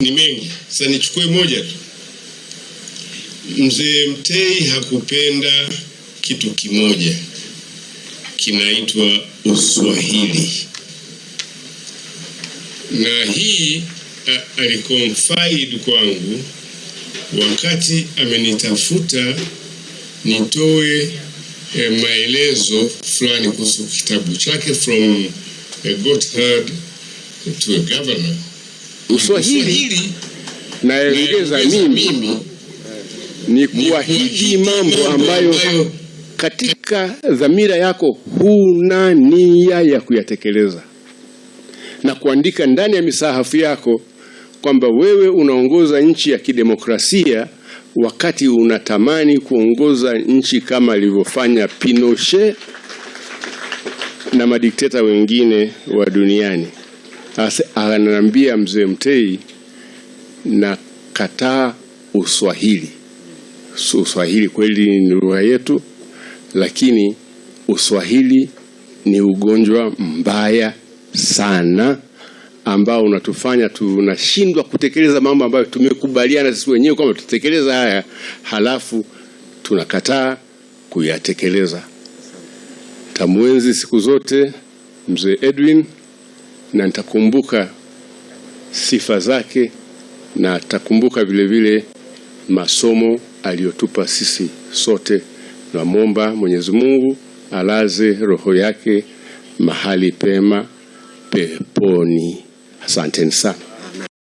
ni mengi. Sasa nichukue moja tu. Mzee Mtei hakupenda kitu kimoja kinaitwa uswahili, na hii alikonfide kwangu wakati amenitafuta nitoe eh, maelezo fulani kuhusu kitabu chake From a e, Goatherd to a Governor Uswahili naelekeza mimi ni kuahidi mambo ambayo katika dhamira yako huna nia ya kuyatekeleza na kuandika ndani ya misahafu yako kwamba wewe unaongoza nchi ya kidemokrasia wakati unatamani kuongoza nchi kama alivyofanya Pinochet na madikteta wengine wa duniani ananiambia mzee Mtei, na kataa uswahili. Uswahili kweli ni lugha yetu, lakini uswahili ni ugonjwa mbaya sana ambao unatufanya tunashindwa kutekeleza mambo ambayo tumekubaliana sisi wenyewe kwamba tutatekeleza haya, halafu tunakataa kuyatekeleza. Tamwenzi siku zote mzee Edwin na nitakumbuka sifa zake na takumbuka vile vile masomo aliyotupa sisi sote. Namwomba Mwenyezi Mungu alaze roho yake mahali pema peponi. Asanteni sana.